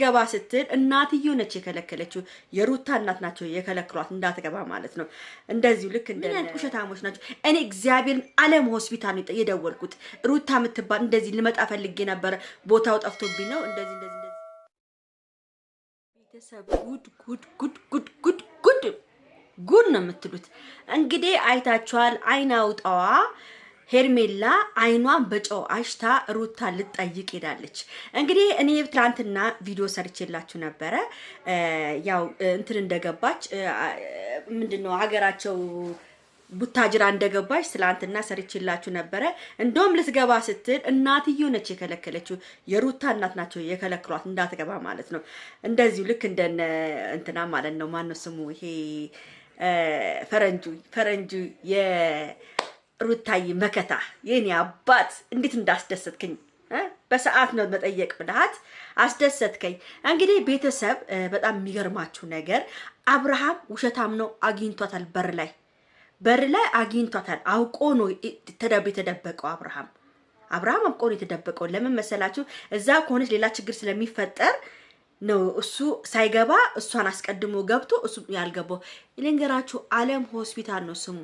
ልትገባ ስትል እናትየው ነች የከለከለችው። የሩታ እናት ናቸው የከለክሏት እንዳትገባ ማለት ነው። እንደዚሁ ልክ እንደ ውሸታሞች ናቸው። እኔ እግዚአብሔርን አለም ሆስፒታል ነው የደወልኩት። ሩታ የምትባል እንደዚህ ልመጣ ፈልጌ ነበረ፣ ቦታው ጠፍቶብኝ ነው እንደዚህ እንደዚህ ቤተሰብ ጉድ ጉድ ጉድ ጉድ ጉድ ጉድ ጉድ ነው የምትሉት እንግዲህ አይታችኋል። አይን አውጣዋ ሄርሜላ አይኗን በጨው አሽታ ሩታ ልጠይቅ ሄዳለች። እንግዲህ እኔ ትላንትና ቪዲዮ ሰርቼላችሁ ነበረ። ያው እንትን እንደገባች ምንድነው ሀገራቸው ቡታጅራ እንደገባች ትላንትና ሰርቼላችሁ ነበረ። እንደውም ልትገባ ስትል እናትዬ ነች የከለከለችው። የሩታ እናት ናቸው የከለክሏት እንዳትገባ ማለት ነው። እንደዚሁ ልክ እንደነ እንትና ማለት ነው። ማነው ስሙ ይሄ ፈረንጁ ፈረንጁ ሩታይ መከታ የኔ አባት እንዴት እንዳስደሰትከኝ በሰዓት ነው መጠየቅ ብልሃት አስደሰትከኝ። እንግዲህ ቤተሰብ በጣም የሚገርማችሁ ነገር አብርሃም ውሸታም ነው አግኝቷታል። በር ላይ በር ላይ አግኝቷታል። አውቆ ነው የተደበቀው አብርሃም አብርሃም አውቆ ነው የተደበቀው። ለምን መሰላችሁ? እዛ ከሆነች ሌላ ችግር ስለሚፈጠር ነው እሱ ሳይገባ እሷን አስቀድሞ ገብቶ እሱ ያልገባው። ልንገራችሁ፣ አለም ሆስፒታል ነው ስሙ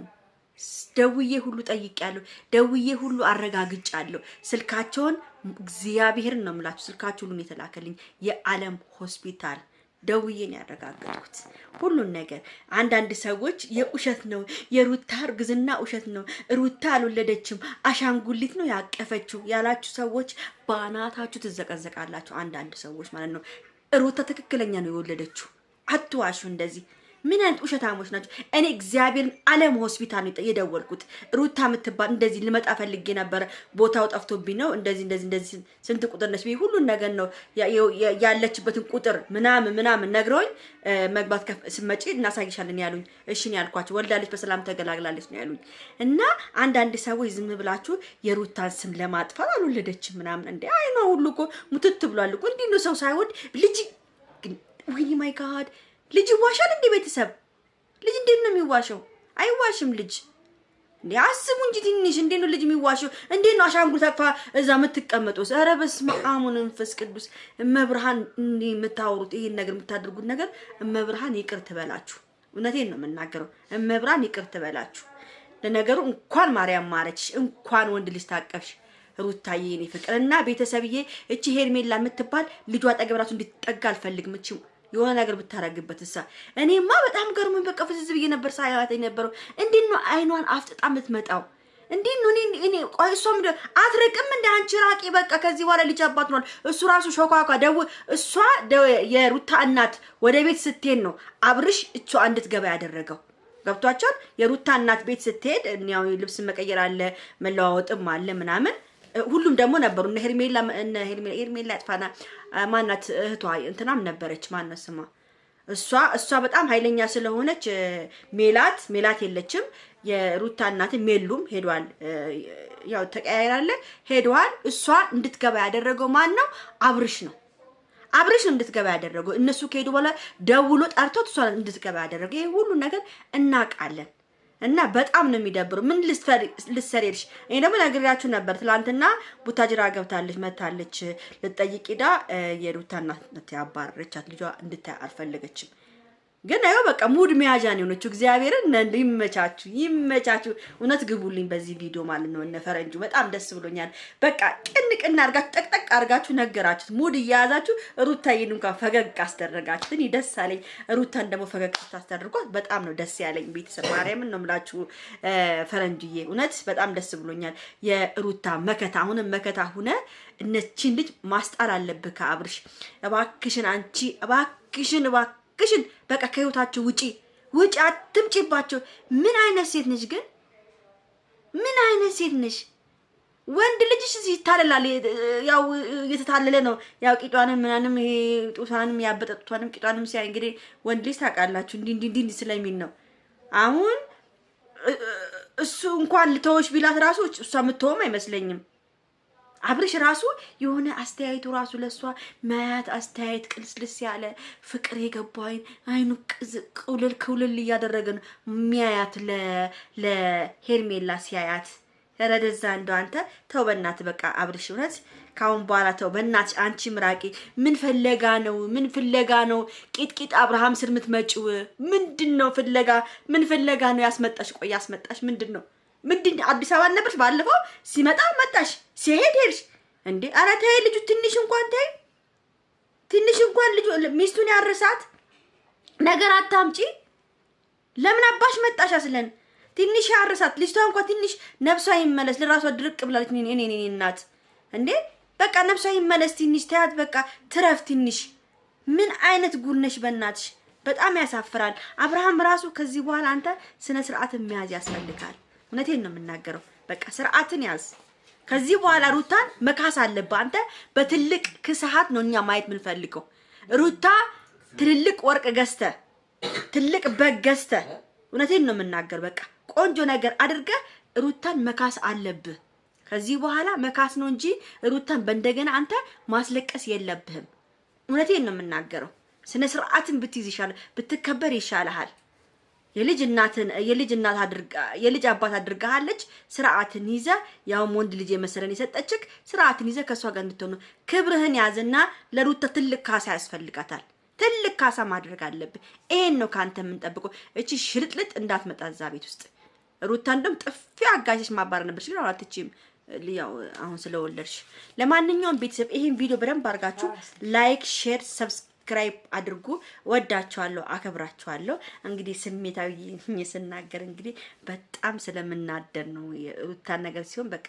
ደውዬ ሁሉ ጠይቄያለሁ። ደውዬ ሁሉ አረጋግጫለሁ። ስልካቸውን እግዚአብሔርን ነው የምላችሁ፣ ስልካቸው ሁሉን የተላከልኝ የዓለም ሆስፒታል ደውዬን ነው ያረጋገጥኩት ሁሉን ነገር። አንዳንድ ሰዎች የውሸት ነው የሩታ እርግዝና ውሸት ነው፣ ሩታ አልወለደችም አሻንጉሊት ነው ያቀፈችው ያላችሁ ሰዎች በአናታችሁ ትዘቀዘቃላችሁ። አንዳንድ ሰዎች ማለት ነው ሩታ ትክክለኛ ነው የወለደችው፣ አትዋሹ እንደዚህ ምን አይነት ውሸታሞች ናቸው? እኔ እግዚአብሔርን አለም ሆስፒታል ነው የደወልኩት ሩታ የምትባል እንደዚህ ልመጣ ፈልጌ ነበረ፣ ቦታው ጠፍቶብኝ ነው እንደዚህ እንደዚህ እንደዚህ ስንት ቁጥር ነች ሁሉን ነገር ነው ያለችበትን ቁጥር ምናምን ምናምን ነግረውኝ መግባት ስመጪ እናሳይሻለን ያሉኝ። እሽን ያልኳቸው። ወልዳለች በሰላም ተገላግላለች ነው ያሉኝ። እና አንዳንድ ሰዎች ዝም ብላችሁ የሩታን ስም ለማጥፋት አልወለደች ምናምን እንደ አይኗ ሁሉ እኮ ሙትት ብሏል እኮ እንዲህ ነው ሰው ሳይወድ ልጅ ወይ ማይ ጋድ ልጅ ይዋሻል እንዴ? ቤተሰብ ልጅ እንዴት ነው የሚዋሸው? አይዋሽም ልጅ እንዴ! አስቡ እንጂ ትንሽ። እንዴት ነው ልጅ የሚዋሸው? እንዴት ነው አሻንጉል አቅፋ እዛ የምትቀመጡ? ኧረ በስመ አብ መንፈስ ቅዱስ እመብርሃን፣ የምታወሩት ይሄን ነገር የምታደርጉት ነገር እመብርሃን ይቅር ትበላችሁ። እውነቴን ነው የምናገረው። እመብርሃን ይቅር ትበላችሁ። ለነገሩ እንኳን ማርያም ማረችሽ፣ እንኳን ወንድ ልጅ ታቀፍሽ። ሩታዬ የኔ ፍቅርና ቤተሰብዬ፣ እቺ ሄርሜላ የምትባል ልጇ አጠገብ ራሱ እንድትጠጋ አልፈልግም። የሆነ ነገር ብታረግበት እሳ እኔማ በጣም ገርሞኝ በቃ ፍዝዝ ብዬ ነበር ሳያት የነበረው። እንዴት ነው አይኗን አፍጥጣ የምትመጣው? እንዴት ነው እኔ ቆይ፣ እሷም አትርቅም እንደ አንቺ ራቂ፣ በቃ ከዚህ በኋላ ልጅ አባት ሆኗል። እሱ ራሱ ሾኳኳ ደው እሷ የሩታ እናት ወደ ቤት ስትሄድ ነው አብርሽ እቿ እንድትገባ ያደረገው። ገብቷቸዋል። የሩታ እናት ቤት ስትሄድ ያው ልብስ መቀየር አለ መለዋወጥም አለ ምናምን ሁሉም ደግሞ ነበሩ። እነ ሄርሜላ እነ ሄርሜላ ያጥፋና ማናት እህቷ እንትናም ነበረች ማናት ስማ እሷ እሷ በጣም ኃይለኛ ስለሆነች ሜላት ሜላት የለችም። የሩታ እናትን ሜሉም ሄዷል። ያው ተቀያይራለ ሄዷል። እሷ እንድትገባ ያደረገው ማን ነው? አብርሽ ነው። አብርሽ እንድትገባ ያደረገው። እነሱ ከሄዱ በኋላ ደውሎ ጠርቶት እሷ እንድትገባ ያደረገው። ይሄ ሁሉ ነገር እናውቃለን። እና በጣም ነው የሚደብሩ። ምን ልሰሬልሽ? እኔ ደግሞ ነግሬያችሁ ነበር። ትላንትና ቡታጅራ ገብታለች መታለች ልጠይቅ ዳ የሩታ እናት አባረረቻት። ልጇ እንድታይ አልፈለገችም። ግን ያው በቃ ሙድ መያዣ ነው የሆነችው። እግዚአብሔርን ይመቻችሁ፣ ይመቻችሁ። እውነት ግቡልኝ በዚህ ቪዲዮ ማለት ነው። እነ ፈረንጁ በጣም ደስ ብሎኛል። በቃ ቅን ቅን አርጋችሁ ጠቅጠቅ አርጋችሁ ነገራችሁት፣ ሙድ እያያዛችሁ ሩታዬን እንኳን ፈገግ አስደረጋችሁት። እኔ ደስ አለኝ። ሩታን ደግሞ ፈገግ ስታስደርጓት በጣም ነው ደስ ያለኝ። ቤተሰብ ማርያምን ነው የምላችሁ። ፈረንጁዬ እውነት በጣም ደስ ብሎኛል። የሩታ መከታ አሁንም መከታ ሁነ እነቺን ልጅ ማስጣል አለብህ ከአብርሽ እባክሽን፣ አንቺ እባክሽን፣ እባክሽን እባክሽን በቃ ከህይወታቸው ውጪ ውጪ፣ አትምጪባቸው። ምን አይነት ሴት ነሽ ግን? ምን አይነት ሴት ነሽ? ወንድ ልጅሽ ይታለላል። ያው እየተታለለ ነው። ያው ቂጧንም ምናንም ይሄ ጡቷንም ያበጠ ጡቷንም ቂጧንም ሲያይ እንግዲህ ወንድ ልጅ ታውቃላችሁ እንዲህ እንዲህ እንዲህ ስለሚል ነው። አሁን እሱ እንኳን ልተወሽ ቢላት ራሱ እሷ የምትተውም አይመስለኝም። አብርሽ ራሱ የሆነ አስተያየቱ ራሱ ለእሷ ማያት አስተያየት ቅልስልስ ያለ ፍቅር የገባይን አይኑ ቅውልል ክውልል እያደረገ ነው የሚያያት ለሄርሜላ ሲያያት ረደዛ እንደ አንተ ተው በእናት በቃ አብርሽ እውነት ካሁን በኋላ ተው በእናት አንቺ ምራቂ። ምን ፍለጋ ነው? ምን ፍለጋ ነው ቂጥቂጥ አብርሃም ስር ምትመጪው? ምንድን ነው ፍለጋ? ምን ፍለጋ ነው ያስመጣሽ? ቆይ ያስመጣሽ ምንድን ነው? ምንድን አዲስ አበባ ነበርሽ? ባለፈው ሲመጣ መጣሽ፣ ሲሄድ ሄድሽ። እንዴ ኧረ ተይ ልጁ ትንሽ እንኳን ተይ፣ ትንሽ እንኳን ልጁ ሚስቱን ያረሳት ነገር አታምጪ። ለምን አባሽ መጣሽ አስለን ትንሽ ያረሳት ልጅቷ እንኳን ትንሽ ነፍሷ ይመለስ። ለራሷ ድርቅ ብላለች። እኔ እኔ እናት እንዴ በቃ ነፍሷ ይመለስ። ትንሽ ተያት፣ በቃ ትረፍ። ትንሽ ምን አይነት ጉልነሽ በእናትሽ በጣም ያሳፍራል። አብርሃም ራሱ ከዚህ በኋላ አንተ ስነ ስርዓት መያዝ ያስፈልጋል። እውነቴን ነው የምናገረው። በቃ ስርዓትን ያዝ። ከዚህ በኋላ ሩታን መካስ አለብህ አንተ። በትልቅ ክስሀት ነው እኛ ማየት የምንፈልገው። ሩታ ትልልቅ ወርቅ ገዝተ ትልቅ በግ ገዝተ እውነቴን ነው የምናገር። በቃ ቆንጆ ነገር አድርገ ሩታን መካስ አለብህ። ከዚህ በኋላ መካስ ነው እንጂ ሩታን በእንደገና አንተ ማስለቀስ የለብህም። እውነቴን ነው የምናገረው። ስነ ስርዓትን ብትይዝ ይሻላል፣ ብትከበር ይሻልሃል። የልጅ እናት የልጅ አባት አድርጋሃለች። ስርዓትን ይዘ ያውም ወንድ ልጅ የመሰለን የሰጠችክ ስርዓትን ይዘ ከእሷ ጋር እንድትሆኑ ክብርህን ያዝና ለሩታ ትልቅ ካሳ ያስፈልጋታል። ትልቅ ካሳ ማድረግ አለብህ። ይሄን ነው ከአንተ የምንጠብቀው። እቺ ሽልጥልጥ እንዳትመጣ እዛ ቤት ውስጥ ሩታ እንደውም ጥፊ አጋሽሽ ማባረር ነበር። ግን አላትችም ያው አሁን ስለወለድሽ። ለማንኛውም ቤተሰብ ይሄን ቪዲዮ በደንብ አድርጋችሁ ላይክ፣ ሼር፣ ሰብስ ሰብስክራይብ አድርጉ። ወዳችኋለሁ፣ አከብራችኋለሁ። እንግዲህ ስሜታዊ ስናገር እንግዲህ በጣም ስለምናደድ ነው። የሩታ ነገር ሲሆን በቃ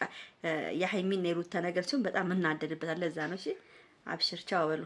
የሀይሚና የሩታ ነገር ሲሆን በጣም እናደድበታል። ለዛ ነው። እሺ አብሽር፣ ቻው በሉ።